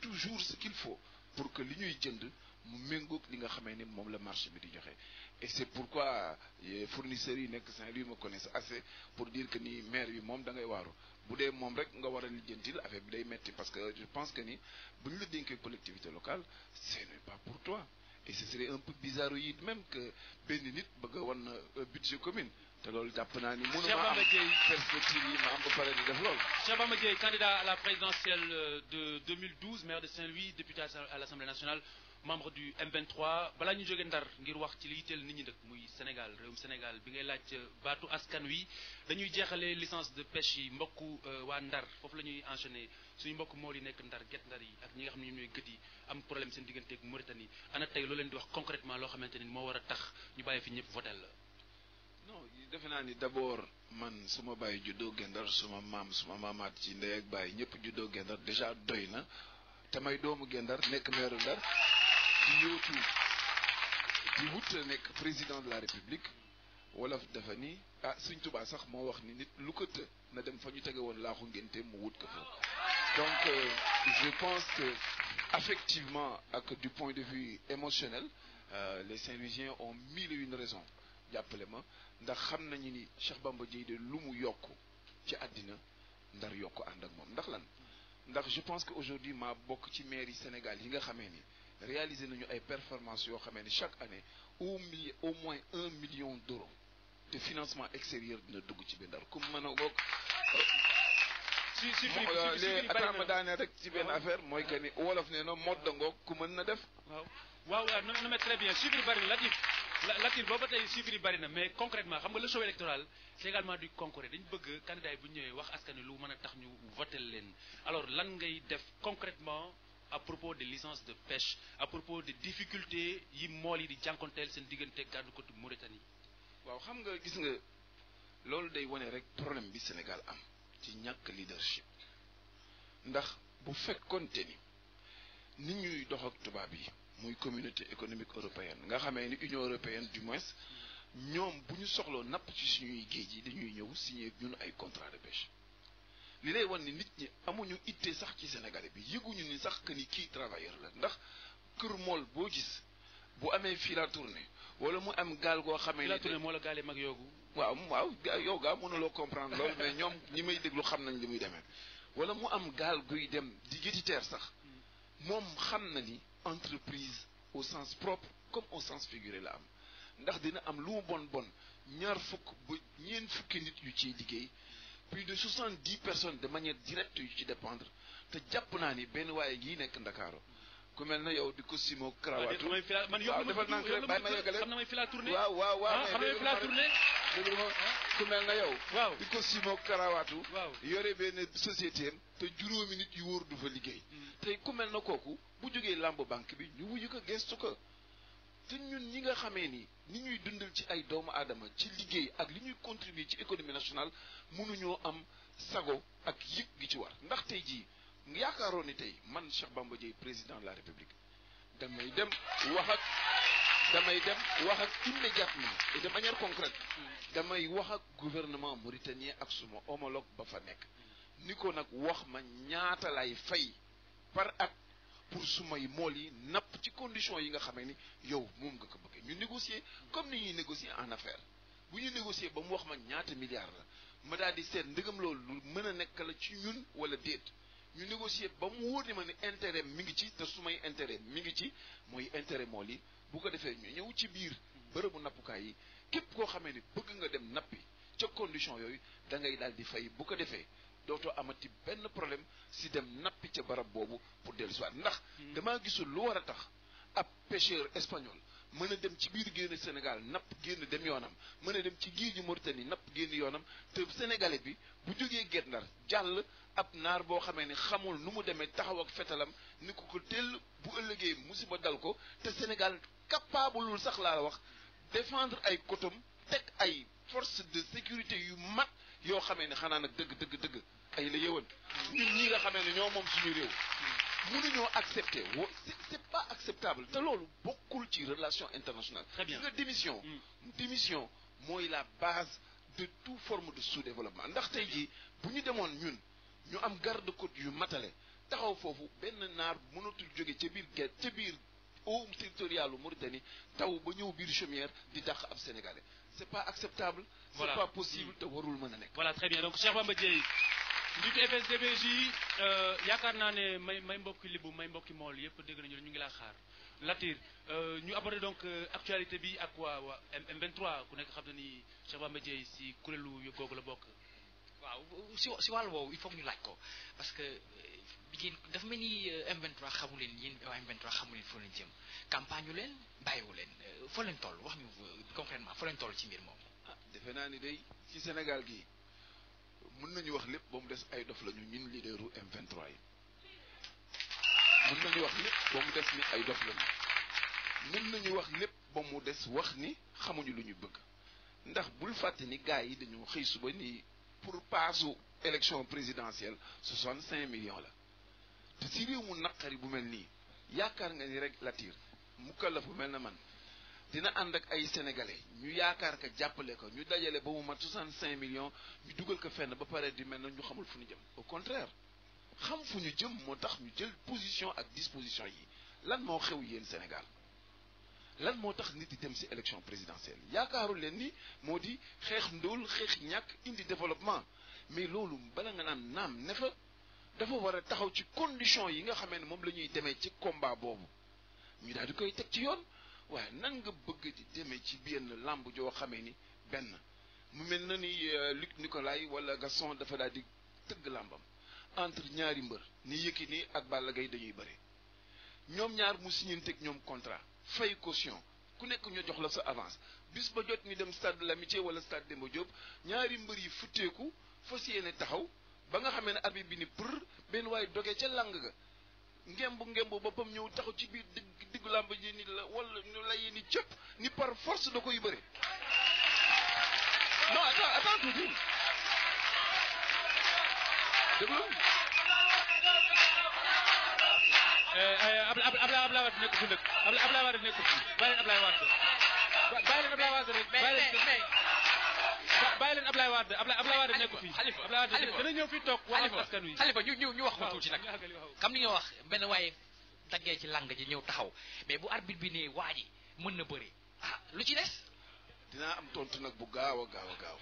toujours ce qu'il faut pour que li ñuy jënd mu méngoog li nga xamee ni moom la marché bi di joxe et c'est pourquoi fournisseur yi nekk Saint-Louis ma connaissent assez pour dire que ni maire bi moom da ngay waaru bu dee moom rek nga war a lijjantil affaire bi day metti parce que je pense que ni bu ñu la dénkee collectivité locale ce n'est pas pour toi et ce serait un peu bizarroïde même que benn nit bëgg a na euh, budget commune te loolu jàpp naa ni mënu ma am candidat à la présidentielle euh, de 2012 maire de Saint-Louis député à l'Assemblée nationale membre du M23 balaa ñu jóge ndar ngir wax ci li yitteel nit ñi dëkk muy Sénégal réewum Sénégal bi ngay laaj euh, baatu askan wi dañuy jeexale licence de pêche yi mbokku euh, waa ndar foofu la ñuy enchaîner suñu mbokk mool yi nekk ndar get ndar yi ak ñi nga xam ne ñoom ñooy gët yi am problème seen digganteeg Mauritanie ana tey loo leen di wax concrètement loo xamante ni moo war tax ñu bàyyi fi ñëpp votel la defe naa ni d'abord man suma bàyyi juddoo Gendar suma maam suma maamaat ci ndey ak bàyyi ñëpp juddoo Gendar déjà doy na te may doomu Gendar nekk meeru Ndar di yootu di wut nekk président de la république wolof dafa ni ah suñ tubaa sax moo wax ni nit lu ko të na dem fa ñu tege woon laaxu ngénte mu wut ko foofu donc euh, pense que effectivement ak du point de vue émotionnel euh, les Saint-Louisiens ont mille et une raisons jàppale ma ndax xam nañu ni Cheikh Bamba Dièye de lu mu yokk ci àddina ndar yokk ànd ak moom ndax lan ndax je pense que aujourd'hui maa bokk ci maire yi Sénégal yi nga xame ni réaliser nañu ay performance yoo xamee ni chaque année au mi au moins un million d'euros de financement extérieur dina dugg ci bi ndar comme mën a bokk si si li euh, ma daanee rek ci benn affaire mooy que ni wolof nee na modd ngoog ku mën na def waaw waaw non mais très bien chiffre bari la Latif booba tey chiffres yi bari na mais concrètement xam nga la show électoral c'est également du concours dañu bëgg candidat yi bu ñëwee wax askan lu mën a tax ñu voter leen alors lan ngay def concrètement à propos des licences de pêche à propos des yi mool yi di jànkonteel seen diggante gàddu côte Mauritanie. waaw xam nga gis nga loolu day wane rek problème bi Sénégal am ci ñàkk leadership ndax bu fekkoonte ni nit ñuy dox ak tubaab yi. muy communauté économique européenne nga xamee ni union européenne du moins ñoom bu ñu soxloo napp ci suñuy géej yi dañuy ñëw signé ñun ay contrat de pêche li lay wan ni nit ñi amuñu ittee sax ci Sénégalais bi yëguñu ni sax que ni kii travailleur la ndax kër mool boo gis bu amee fii la wala mu am gaal goo xamee la tournée moo la gaal mag yoogu waaw waaw yow gaa mënuloo comprendre loolu mais ñoom ñi may déglu xam nañ li muy demee wala mu am gaal guy dem di géti teer sax mm. moom xam na entreprise au sens propre comme au sens figuré la am ndax dina am lu mu bon bon ñaar fukk ba ñeent fukki nit yu ciy liggéey plus de soixante-dix personnes de manière direct yu ci dépendre te jàpp naa ni benn waaye gii nekk Ndakaaru ku mel na yow di ko simo ah, karawaatu waaw defal naa ko bàyyi ma yeggale xam na may fi laa tourné ah, na yow waaw di ko simo karawaatu yore benn société te juróomi nit yu wóor du fa liggéey hmm. tey ku mel na kooku bu jógee làmb banque bi ñu wuyu ko gestu ko te ñun ñi nga xamee ni ni ñuy dundal ci ay doomu aadama ci liggéey ak li ñuy contribuer ci économie nationale mënuñoo am sago ak yëg gi ci war ndax tey jii yaakaaroon ni tey man Cheikh Bamba Dièye président de la République damay dem wax ak damay dem wax ak immédiatement et de manière concrète damay wax ak gouvernement mauritanien ak suma homologue ba fa nekk ni ko nag wax ma ñaata lay fay par at pour sumay mool yi napp ci condition yi nga xamee ni yow moom nga ko bëggee ñu négocier comme ni ñuy négocier en affaire bu ñu négocier ba mu wax ma ñaata milliards la ma daal di seet ndëgam loolu lu mën a nekk la ci ñun wala déet ñu négocier ba mu wóor ni ma ne intérêt mi ngi ci te sumay intéret mi ngi ci mooy intérêt mool yi bu ko defee ñu ñëw ci biir bërëbu nappukaay yi képp koo xamee ni bëgg nga dem nappi ca condition yooyu da ngay daal di fay bu ko defee si dem nappi ca barab boobu pour dellu siwaat ndax hmm. damaa gisul lu war a tax ab pêcheur espagnol mën a dem ci biir génn Sénégal napp génn dem yoonam mën a dem ci géeju Mauritanie napp génn yoonam te sénégalais bi bu jógee Guet Ndar jàll ab naar boo xamee ne xamul nu mu demee taxaw ak fetalam ni ko ko tell bu ëllëgee musiba dal ko te Sénégal capableul sax laa la wax défendre ay kotom teg ay force de sécurité yu mat yoo xamee ne xanaa nag dëgg dëgg dëgg ñun ñi nga xamee ñoo moom suñu réew mënuñoo accepter wo c'est pas acceptable te loolu bokkul ci relation internationale gis nga démission mm. démission mooy la base de toute forme de sous-développement ndax tey jii bu ñu demoon ñun ñu am garde-côte yu matale taxaw foofu benn naar mënatul jóge ca biir gerte ca biir eau territorialu Mauritanie taw ba ñëw biir chaumière di dàq ab sénégalais c'est pas acceptable c'est voilà. pas possible mm. te warul mën a nekk voilà très bien donc Cheikh njiitu FSDBJ euh, yaakaar naa ne may may mbokki libu may mbokki mool yëpp dégg nañu ñu ngi laa xaar Latir euh, ñu aborder donc euh, actualité bi ak waa waa M23 ku nekk xam na ni Cheikh si kuréelu googu la bokk. waaw si si wàll woowu il faut ñu laaj ko parce que yéen dafa mel ni M23 xamu leen yéen waa M23 xamu leen foo leen jëm campagne yu leen bàyyiwu leen foo leen tool wax ñu concrètement foo leen tool ci mbir moom. ah defe naa ni day ci Sénégal gii. mën nañu wax lépp ba mu des ay dof la ñu ñun leaderu M23 yi mën nañu wax lépp ba mu des ni ay dof la mën nañu wax lépp ba mu des wax ni xamuñu lu ñu bëgg ndax bul fàtte ni gars yi dañoo xëy suba nii pour paasu élection présidentielle soixante cinq millions la te si réew mu naqari bu mel nii yaakaar nga ni rek la tiir mukkal la mel na man dina ànd ak ay sénégalais ñu yaakaar ka jàppale ko ñu dajale ba mu mat 65 millions ñu dugal ko fenn ba pare di mel na ñu xamul fu ñu jëm au contraire xam fu ñu jëm moo tax ñu jël position ak disposition yi lan moo xew yéen Sénégal lan moo tax nit di dem ci élection présidentielle yaakaarul leen ni moo di xeex ndóol xeex ñàkk indi développement mais loolu bala nga naan naam ne fa dafa war a taxaw ci condition yi nga xamee ne moom la ñuy demee ci combat boobu ñu daal di koy teg ci yoon waaye nan nga bëgg di demee ci benn làmb joo xamee ni benn mu mel na ni euh, Luc Nicolaï wala Gaston dafa daal di tëgg làmbam entre ñaari mbër ni Yékini ak Balla yi dañuy bëri ñoom ñaar mu signanteeg ñoom contrat fay caution ku nekk ñu jox la sa avance bis ba jot ñu dem stade de l'amitié wala stade Demba ñaari mbër yi futteeku fas ne taxaw ba nga xamee ne arbitre bi ni për benn waaye doge ca làng ga ngemb ngemb boppam ñëw taxaw ci biir dugg làmb ji ni la wala ñu layee ni cëpp ni par force da koy bëre non attends attends tuuti déglu eh, eh, Abla Abla Abla Wade nekk fi ndëkk Abla Abla Wade nekk fi bàyyi leen Ablaye Wade bàyyi leen Ablaye Wade rek bàyyi leen bàyyi leen Ablaye Wade Ablaye Ablaye Wade nekk fi Xalifa Ablaye Wade dana ñëw fi toog wax ak askan wi Xalifa ñu ñu ñu wax ko tuuti nag xam li nga wax benn waaye taggee ci làng ji ñëw taxaw mais bu arbitre bi ne waa ji mën na bëri ah lu ci des. dinaa am tontu nag bu gaaw a gaaw a gaaw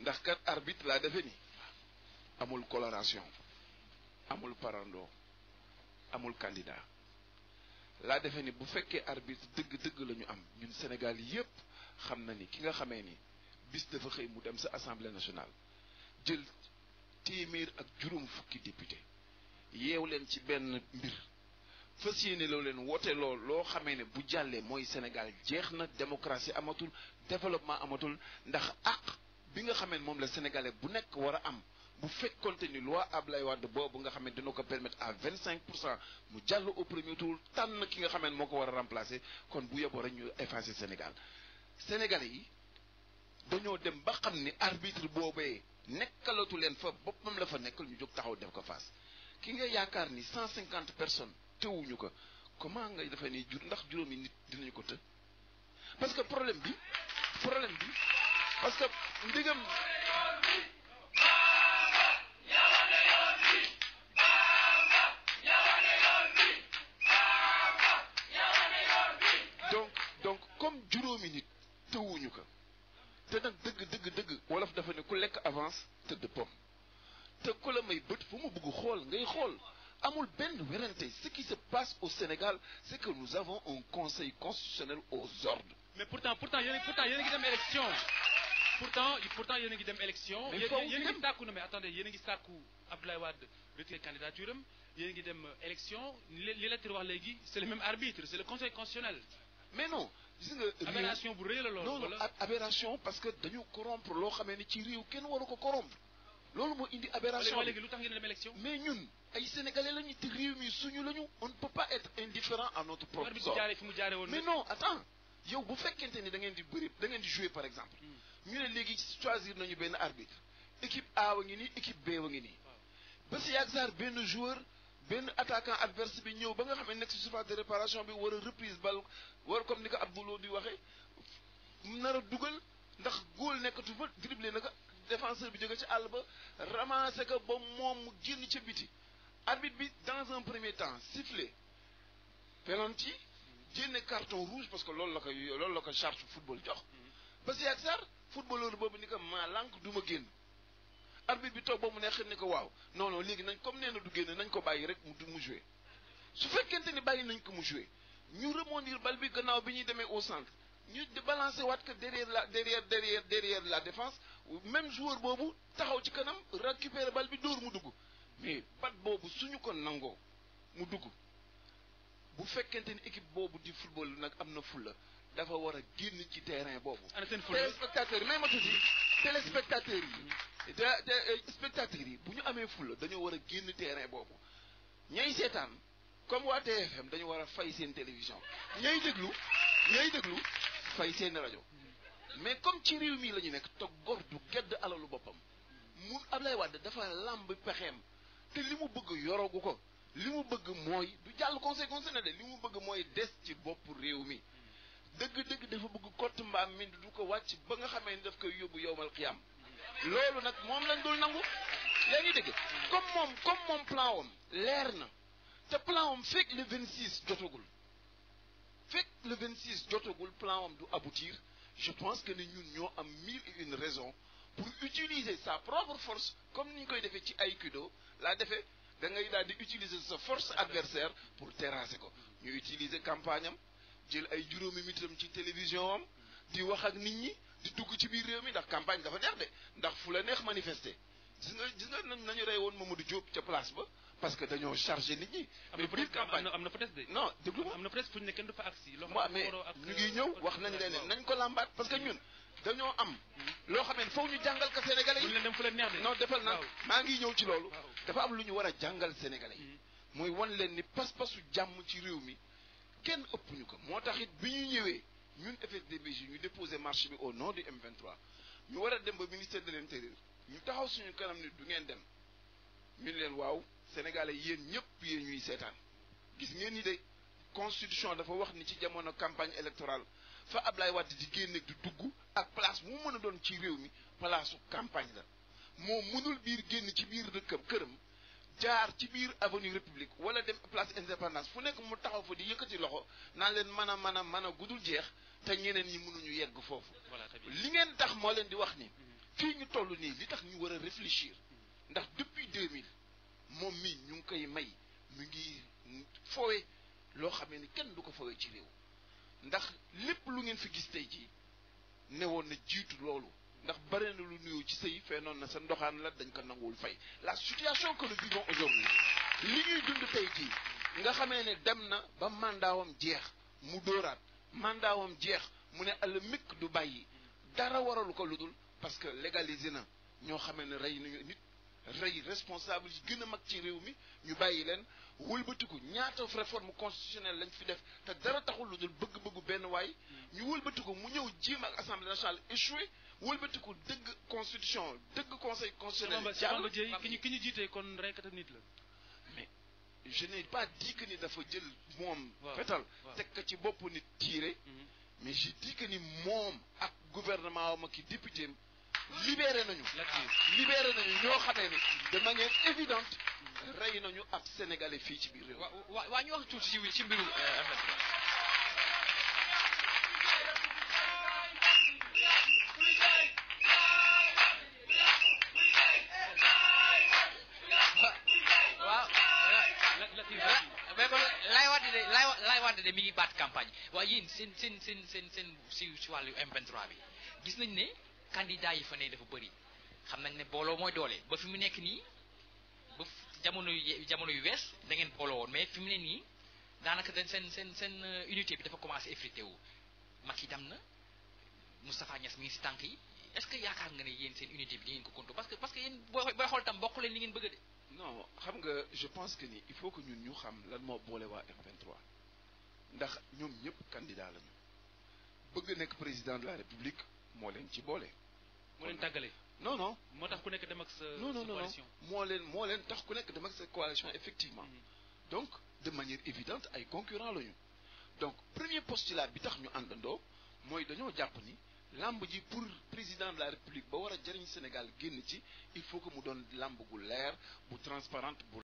ndax kat arbitre laa defe ni amul coloration amul parando amul candidat laa defe ni bu fekkee arbitre dëgg dëgg la ñu am ñun Sénégal yépp xam na ni ki nga xamee ni bis dafa xëy mu dem sa assemblée nationale jël téeméer ak juróom fukki député yeew leen ci benn mbir fas yéene loo leen woote loo loo xamee ne bu jàllee mooy Sénégal jeex na démocratie amatul développement amatul ndax àq bi nga xamee ne moom la sénégalais bu nekk war am bu fekkonte ni loi Ablaye Wade boobu nga xam ne dina ko permettre à vingt cinq pour cent mu jàll au premier tour tànn ki nga xam moo ko war a remplacer kon bu yeboo rek ñu effacer Sénégal sénégalais yi dañoo dem ba xam ni arbitre boobee nekkalatu leen fa boppam la fa nekkal ñu jóg taxaw def ko face ki nga yaakaar ni cent cinquante personnes tëwuñu ko comment nga defee ni jur ndax juróomi nit dinañu ko të parce que problème bi problème bi parce que ndigam donc donc comme juróomi nit tëwuñu ko te nag dëgg dëgg dëgg wolof dafa ne ku lekk avance tëdd pomm te ku la may bët fu mu bëgg xool ngay xool amul benn werante ce qui se passe au Sénégal c'est que nous avons un conseil constitutionnel aux ordres. mais pourtant pourtant yéen pourtant yéen a ngi dem élection pourtant pourtant yéen a ngi dem élection. mais foofu yéen a ngi sàkku na mais attendez yéen candidature am yéen a ngi dem euh, élection li la tir wax léegi c'est le même arbitre c'est le conseil constitutionnel. mais non. gis nga euh, bu rëy la loolu. non parce que dañu corrompre loo xamee ni ci réew kenn waru ko corrompre. loolu moo indi aberration léegi lu tax ngeen dem élection mais ñun ay sénégalais lañu te réew mi suñu lañu on ne peut pas être indifférent à notre propre mais non attends yow bu fekkente ni da ngeen di bëri da ngeen di jouer par exemple hmm. ñu ne léegi choisir nañu benn arbitre équipe A wa ngi nii équipe B wa ngi nii ba si yàgg saar benn joueur benn attaquant adverse bi ñëw ba nga xam ne nekk si surface de réparation bi war a reprise bal war comme ni ko Abdoulou di waxee nar a dugal ndax góol nekkatu fa dribblé na ko défenseur bi jóge ci àll ba ramassé ko ba moom mu génn ca biti arbitre bi dans un premier temps sifflé penalty génne carton rouge parce que loolu la ko loolu la ko charge football jox mm-hmm. ba si yàgg sar footballeur boobu ni ko maa lànk du ma génn arbitre bi toog ba mu neex ni ko waaw non non léegi nañ comme nee na du génn nañ ko bàyyi rek mu du mu su fekkente ni bàyyi nañ ko mu joué ñu rebondir bal bi gannaaw bi ñuy demee au centre ñu balancer waat que derrière la derrière derrière derrière la défense même joueur boobu taxaw ci kanam récupérer bal bi dóor mu dugg mais bat boobu suñu ko nangoo mu dugg bu fekkente ni équipe boobu di football nag am na fulla dafa war a génn ci terrain boobu. ana seen fulla téléspectateur may ma tuuti téléspectateur yi. te euh, spectateur yi bu ñu amee fulla dañoo war a génn terrain boobu ñay seetaan comme waa TFM dañu war a fay seen télévision ñay déglu ñay déglu. fay seen rajo mais comme ci réew mii la ñu nekk te góor du kedd alalu boppam mun Ablaye Wade dafa làmb pexeem te li mu bëgg yorogu ko li mu bëgg mooy du jàll conseil constitutionnel de li mu bëgg mooy des ci bopp réew mi dëgg-dëgg dafa bëgg kott mbaam mi du ko wàcc ba nga xamee ni daf koy yóbbu yowmal xiyaam loolu nag moom lañ dul nangu yaa ngi dégg comme moom comme moom plan leer na te plan wam fekk le 26 jotagul fekk le 26 jotagul plan am du aboutir je pense que ni ñun ñoo am mille et une raisons pour utiliser sa propre force comme ni ñu koy defee ci aïkido laa defee da ngay daal di utiliser sa force adversaire pour terrasser ko ñu utiliser campagne am jël ay juróomi mitam ci télévision am di wax ak nit ñi di dugg ci biir réew mi ndax campagne dafa neex de ndax fu la neex manifester gis nga gis nga nañu rey woon Mamadou Diop ca place ba parce que dañoo chargé nit ñi. mais pour campagne am na presse de. non déglu ma am na presse fu ñu ne kenn du fa agsi. loo xam ne ñu ngi ñëw wax nañ leen nañ ko làmbaat parce que ñun dañoo am. loo xam ne foofu ñu jàngal ko Sénégalais yi. dem fu leen neex de. non defal na maa ngi ñëw ci loolu. dafa am lu ñu war a jàngal Sénégalais yi. mooy mm-hmm. wan leen ni pas-pasu jàmm ci réew mi kenn ëpp ñu ko moo tax it bi ñu ñëwee ñun FSDBJ ñu déposé marche bi au nom du M23 ñu war a dem ba ministère de l'intérieur ñu taxaw suñu kanam ni du ngeen dem ñu leen waaw sénégalais yéen ñëpp yéen ñuy seetaan gis ngeen ni de constitution dafa wax ni ci jamono campagne électorale fa Ablaye Wade di génne di dugg ak place mu mën a doon ci réew mi palaasu campagne la moo mënul biir génn ci biir dëkkam këram jaar ci biir avenue république wala dem place indépendance fu nekk mu taxaw fa di yëkkati loxo naa leen mën a mën mën a guddul jeex te ngeneen yi mënuñu yegg foofu li ngeen tax moo leen di wax ni fii ñu toll nii li tax ñu war a réfléchir ndax depuis 2000 moom mii ñu ngi koy may mu ngi fowe loo xamee ni kenn du ko fowe ci réew ndax lépp lu ngeen fi gis tey ji ne woon na jiitu loolu ndax bare na lu nuyoo ci sëy feenoon na sa ndoxaan la dañ ko nanguwul fay la situation que nous vivons aujourd'hui li ñuy dund tey jii nga xamee ne dem na ba mandaawam jeex mu dóoraat mandaawam jeex mu ne àll mikk du bàyyi dara waralu ko lu dul parce que légaliser na ñoo xamee ne rey nañu nit rey responsable yi gën mag ci réew mi ñu bàyyi leen wëlbatiku ñaata réforme constitutionnelle lañ fi def te dara taxul lu dul bëgg-bëggu benn waay mm. ñu wëlbatiku mu ñëw jéem ak assemblée nationale échoué wëlbatiku dëgg constitution dëgg conseil constitutionnel. jàll ki ñu ki ñu jiitee kon reykatu nit la. mais je n'ai pas dit ni dafa jël moom. fetal teg ko ci bopp nit tiire mm-hmm. mais je dis ni moom ak gouvernement am ak député libéré nañu libéré nañu ñoo xamee ni de manière évidente rey nañu ab sénégalais fii ci biir réew waa waa ñu wax tuuti ci ci mbiru de mi ngi baat campagne waaye yéen seen seen seen seen seen si si wàllu M23 bi gis nañ ne candidat yi fa ne dafa bëri xam nañ ne booloo mooy doole ba fi mu nekk nii ba jamono jamono yu wees da ngeen booloo woon mais fi mu ne nii daanaka dañ seen seen seen euh, unité bi dafa commencé effrité wu Macky dem na Moustapha Niass mi ngi si tànk yi est-ce que yaakaar nga ne yéen seen unité bi di ko kontu parce que parce que yéen booy xool tam bokk leen li ngeen bëgg de. non xam nga je pense que ni il faut que ñun ñu xam lan moo boole waa M23 ndax ñoom ñëpp candidat lañu bëgg nekk président de la moo leen ci boole. moo leen tàggale. non no moo tax ku nekk dem ak sa. non moo leen moo leen tax ku nekk dem ak sa coalition mm-hmm. effectivement. donc de manière évidente ay concurrent lañu. donc premier postulat bi tax ñu àndandoo mooy dañoo jàpp ni làmb ji pour président de la république ba war a jëriñ Sénégal génn ci il faut que mu doon làmb gu leer bu transparente bu